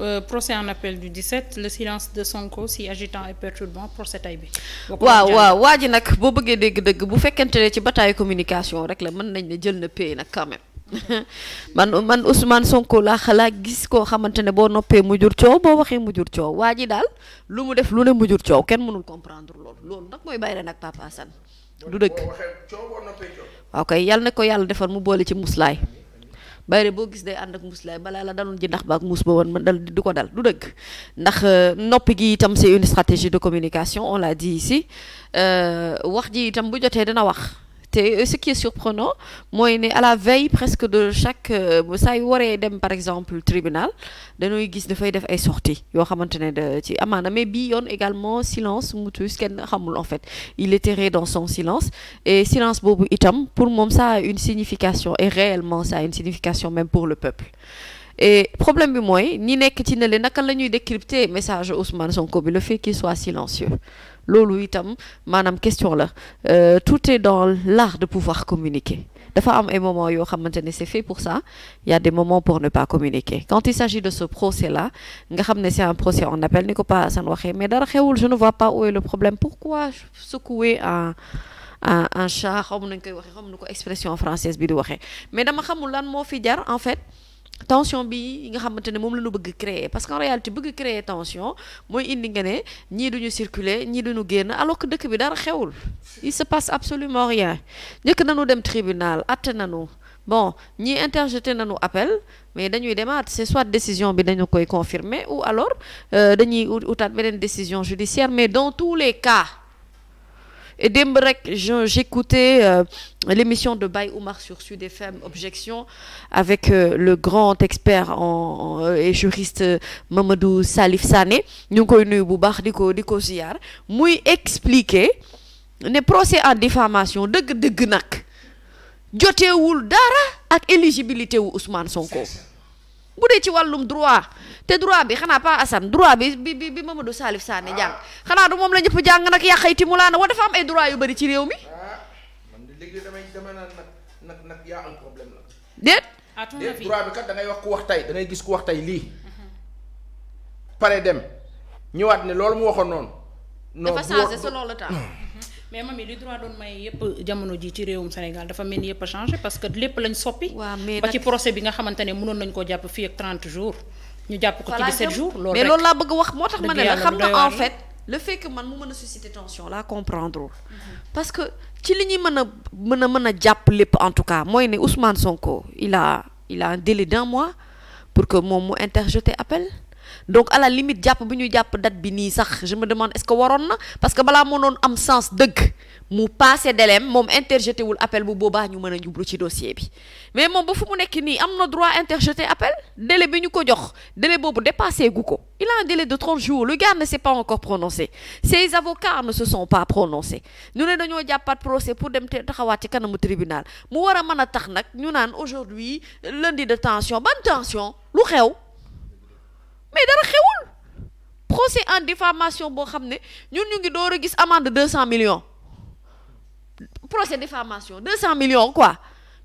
euh, procès en appel du le silence de Sonko si agitant et perturbant procès bi. waaw waaw waa ji nag boo bëggee dégg-dëgg bu fekkente ne ci bataille communication rek la mën nañ ne jël na pay nag quand même. man man Ousmane Sonko laa xalaat gis koo xamante ne boo noppee mu jur coow boo waxee mu jur coow waa ji daal lu mu def lu ne mu jur coow kenn mënul comprendre loolu loolu nag mooy bàyyi leen ak Papa Assane du dëgg waaw kay yal na ko yàlla defal mu boole ci muslaay bayre boo gis dee ànd ak muslaay balaa la daloon ji ndax ba ak muus ba woon man dal du ko dal du dëgg ndax euh, noppi gi itam c'est une stratégie de communication on l'a dit ici euh, wax ji itam bu jotee dana wax te ce qui est surprenant mooy ne à la veille presque de chaque euh, saa yu waree dem par exemple tribunal dañuy gis dafay def ay sorti yoo xamante ne de ci amaana mais bii yoon également silence mutus kenn xamul en fait il est terré dans son silence et silence boobu itam pour moom ça a une signification et réellement ça a une signification même pour le peuple et problème bi mooy ni nekk ci ne le naka la ñuy décrypter message Ousmane son bi le fait qu'il soit silencieux loolu itam maanaam question la euh, tout est dans l'art de pouvoir communiquer dafa am ay moments yoo xamante ne c'est fait pour ça y a des moments pour ne pas communiquer quand il s'agit de ce procès là nga xam ne c'est un procès en appel ni ko Pa Assane waxee mais dara xewul je ne vois pas où est le problème pourquoi secouer un un chat xaw ma nañ koy waxee xaw ma ko expression française bi di waxee mais dama xamul lan moo fi jar en fait tension bi yi nga xamante ne moom la ñu bëgg créer parce que réalité bëgg créer tension mooy indi nga ne ñii duñu circuler ñii duñu génn alors que dëkk bi dara xewul il se passe absolument rien njëkk nañu dem tribunal atte nanu bon ñi interjeté nañu appel mais dañuy demaat c'est soit décision bi dañu koy confirmer ou alors euh, dañuy utaat beneen décision judiciaire mais dans tous les cas et démb rek j'écoutais euh, l'émission de Baye Oumar sur Sud FM Objection avec euh, le grand expert en, euh, et juriste euh, Mamadou Salif Sané ñu ngi koy nuyu bu baax di ko di ko ziar muy expliquer ne procès en diffamation dëgg-dëgg nag joteewul dara ak éligibilité wu Ousmane Sonko bu dee ci wàllum droit te droit bi xanaa pas Assane droit bi bi bi bi Mamadou Salif Sané jàng xanaa du moom la ñëpp jàng nag yàq ay timulaana wa dafa am ay droit yu bëri ci réew mi. Ah, man de léegi dama naan nag yaa am problème déet. déet droit bi kat da ngay wax ku wax tey dangay gis ku wax tey lii. pare dem ñëwaat ne loolu mu waxoon noonu. non dafa changé selon le temps. mais mami li droit doon maye yëpp jamono ji ci réewum Sénégal dafa mel ni yëpp a changé parce que lépp lañ soppi. ba ci procès bi nga xamante ne mënoon nañ koo jàpp fii ak 30 jours. ñu jàpp ko ci 17 jours loolu mais loolu laa bëgg wax moo tax ma ne la xam na en fait le fait a susciter tension parce que ci li ñuy mën a mën a mën a jàpp lépp en tout cas mooy ne Ousmane Sonko il a il a un délai d'un mois pour que moom mu interjeter appel. donc à la jàpp bi ñuy jàpp date bi nii sax je me demande est-ce que waroon na parce que balaa moo doon am sens dëgg mu passé délai moom interjeté wul appel bu boobaa ñu mën a jublu ci dossier bi mais moom ba fu mu nekk nii am na droit interjeté appel délai bi ñu ko jox délai boobu dépassé gu ko il a un délai de 30 jours le gars ne s'est pas encore prononcé ses avocats ne se sont pas prononcés ñu ne dañoo jàppaat procès pour dem te taxawaat ci kanamu tribunal mu war a mën a tax nag ñu naan aujourd'hui lundi de tension ban tension lu xew mais dara xewul procès en diffamation boo xam ne ñun ñu ngi door a gis amende deux cent millions procès diffamation deux cent million quoi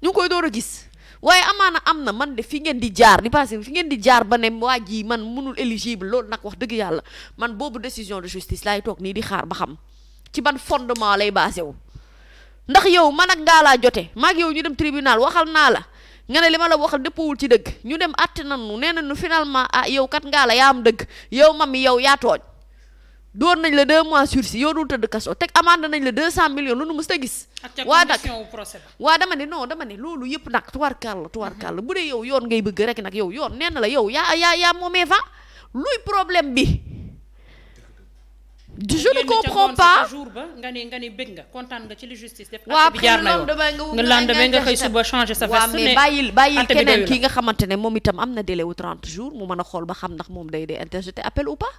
ñu ngi koy door a gis waaye amaan amaana am na man de fii ngeen di jaar di passé fii ngeen di jaar ba ne waa ji man mënul éligible loolu nag wax dëgg yàlla man boobu décision de justice laay toog nii di xaar ba xam ci ban fondement lay basé wu ndax yow man ak ngaa laa jote maag yow ñu dem tribunal waxal naa la nga ne li ma la waxal dëppawul ci dëgg ñu dem àtte nanu nee nañu finalement ah yow kat ngaa la yaa am dëgg yow mami yow yaa tooñ door nañ la deux mois sursis yow dul tëdd kaso teg amande nañ la deux cent millions lu nu mës ta gis waa nag waa dama ne non dama ne loolu yëpp nag tuwaarkaal la tuwaarkaal la mhm. bu dee yow yoon ngay bëgg rekk nag yow yoon nee na la yow yaa yaa yaa moomee fa luy problème bi je ne comprends pas ba nga ne nga ne bëgg nga kontaan nga ci li justice def waa bi jaar na yoon nga lendemain nga xëy suba changer sa veste mais bàyyil bàyyil keneen kii nga xamante ne moom itam am na délai wu 30 jours mu mën a xool ba xam ndax mom day day interjeté appel ou pas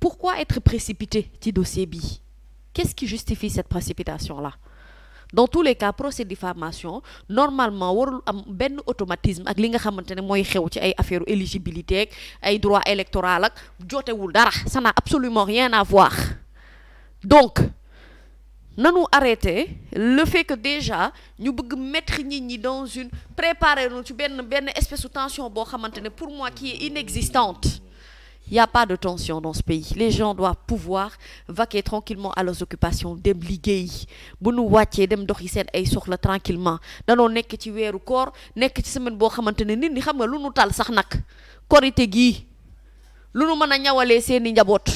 pourquoi être précipité ci dossier bi qu'est-ce qui justifie cette précipitation là dans tous les cas procès diffamation normalement warul am benn automatisme ak li nga xamante ne mooy xew ci ay affaire éligibilité ak ay droit électoral ak jootewul dara ça n'a absolument rien à voir donc nanu arrêté le fait que déjà ñu bëgg mettre nit ñi dans une préparer nu ci benn benn espèce de tension boo xamante ne pour moi qui est inexistante il a pas de tension dans ce pays les gens doivent pouvoir vaquer tranquillement à leurs occupations dem liggéey bu nu wàccee dem yi seen ay soxla tranquillement danoo nekk ci weeru koor nekk ci semaine boo xamante ne nit ñi xam nga lu nu tal sax nag korite gii lu nu mën a ñawalee seeni njaboot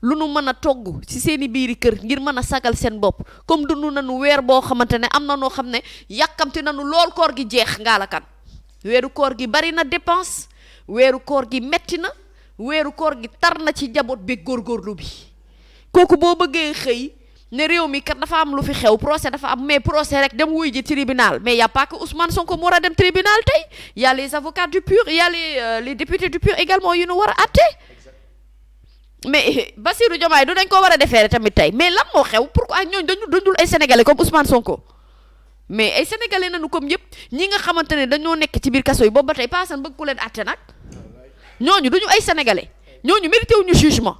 lu nu mën a togg ci seeni biiri kër ngir mën a sagal seen bopp comme dund nañu weer boo xamante ne am na noo xam ne yàkkamti nañu lool koor gi jeex ngaalakan gi bari na dépense koor gi metti na weeru koor gi tar na ci njaboot góor góorgóorlu bi kooku boo bëggee xëy ne réew mi kat dafa am lu fi xew procès dafa am mais procès rek dem wuy ji tribunal mais y a pas que Ousmane Sonko moo a dem tribunal tey y a les y a les euh, les députés yu nu war a àtte mais Bassirou Diomaye du dañ ko war a defeere tamit tey mais lan moo xew pourquoi ñooñu dañu dañu dul ay sénégalais comme Ousmane Sonko mais ay sénégalais nañu comme yëpp ñi nga xamante ne dañoo nekk ci biir kaso yi boobu ba tey paasan bëgg ku leen àtte nag. ñooñu duñu ay sénégalais ñooñu mérité wuñu jugement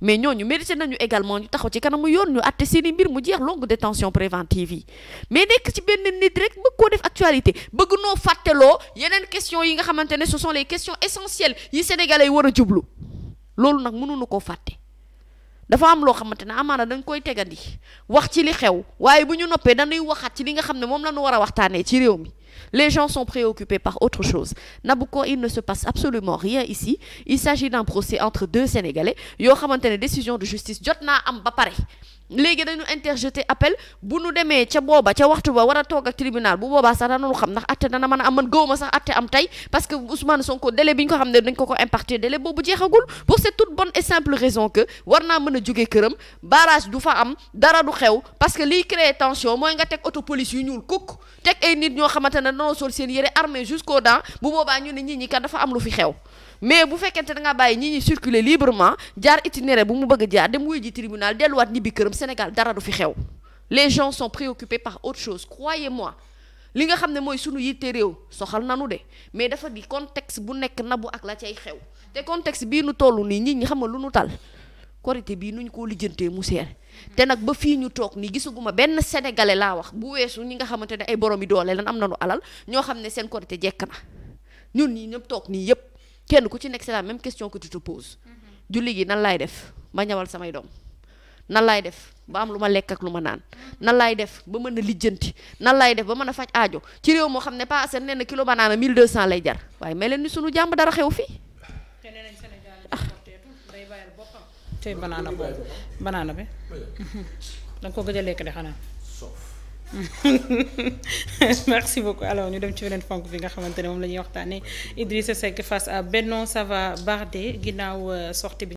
mais ñooñu mérité nañu également ñu taxaw ci kanam mu yoon ñu àtte seeni mbir mu jeex longue tention préventive yi mais nekk ci benn nit rek bëgg koo def actualité bëgg noo fàtteloo yeneen question yi nga xamante ne ce sont les questions yi sénégalais yi war a jublu loolu nag mënuñu koo fàtte dafa am loo xamante naa ne amaana dañ koy tegandi wax ci li xew waaye bu ñu noppee dañuy waxaat ci li nga xam ne moom la ñu war a waxtaanee ci réew mi Les gens sont préoccupés par autre chose Nabucco il ne se passe absolument rien ici il s'agit d'un procès entre deux Sénégalais yoo xamante ne décision de justice jot naa am ba pare léegi dañu interjeté appel bu nu demee ca booba ca waxtu ba war a toog ak tribunal bu booba sax danañu xam ndax atte dana mën a am man gawuma sax atte am tey parce que Ousmane Sonko délai bi ñu ko xam ne dañ ko ko imparti délai boobu jeexagul pour cette toute bonne et simple raison que war naa mën a jóge këram barrage du fa am dara du xew parce que liy créer tension mooy nga teg auto police yu ñuul kukk teg ay nit ñoo xamante ne danoo sol seen yëre armé jusqu'aux dents bu boobaa ñu ne ñit ñi kat dafa am lu fi xew mais bu fekkente da nga bàyyi ñi ñuy circuler librement jaar itinéraire bu mu bëgg jaar dem wuy ji tribunal delluwaat ñibbi këram Sénégal dara du fi xew les gens sont préoccupés par autre chose croyez-moi li nga xam ne mooy sunu yitte réew soxal nanu de mais dafa di contexte bu nekk nabu ak la cay xew te contexte bii nu toll nii nit ñi xam nga lu nu tal korité bii nuñ koo lijjantee mu seer te nag ba fii ñu toog nii gisaguma benn sénégalais laa wax bu weesu ñi nga xamante ne ay borom yi doole lan am nanu alal ñoo xam ne seen korité jekk ñun ñii ñëpp toog nii yëpp kenn ku ci nekk c'est la même question que tu te poses mm-hmm. julli gi nan laay def ba ñawal samay doom nan laay def ba am lu ma lekk ak lu ma naan nan laay def ba mën a lijjanti nan laay def ba mën a faj aajo ci réew moo xam ne pas seen nenn kilo banaana 1200 lay jar waaye may leen ni sunu jàmm dara xew fii ah. tey banaana boobu banaana bi da ko gëj lekk de merci beaucoup alors ñu dem ci beneen fonk bi nga xamante ne moom la ñuy waxtaanee Idrissa Seck face à Benno ça va barder ginnaaw euh, sortie bi.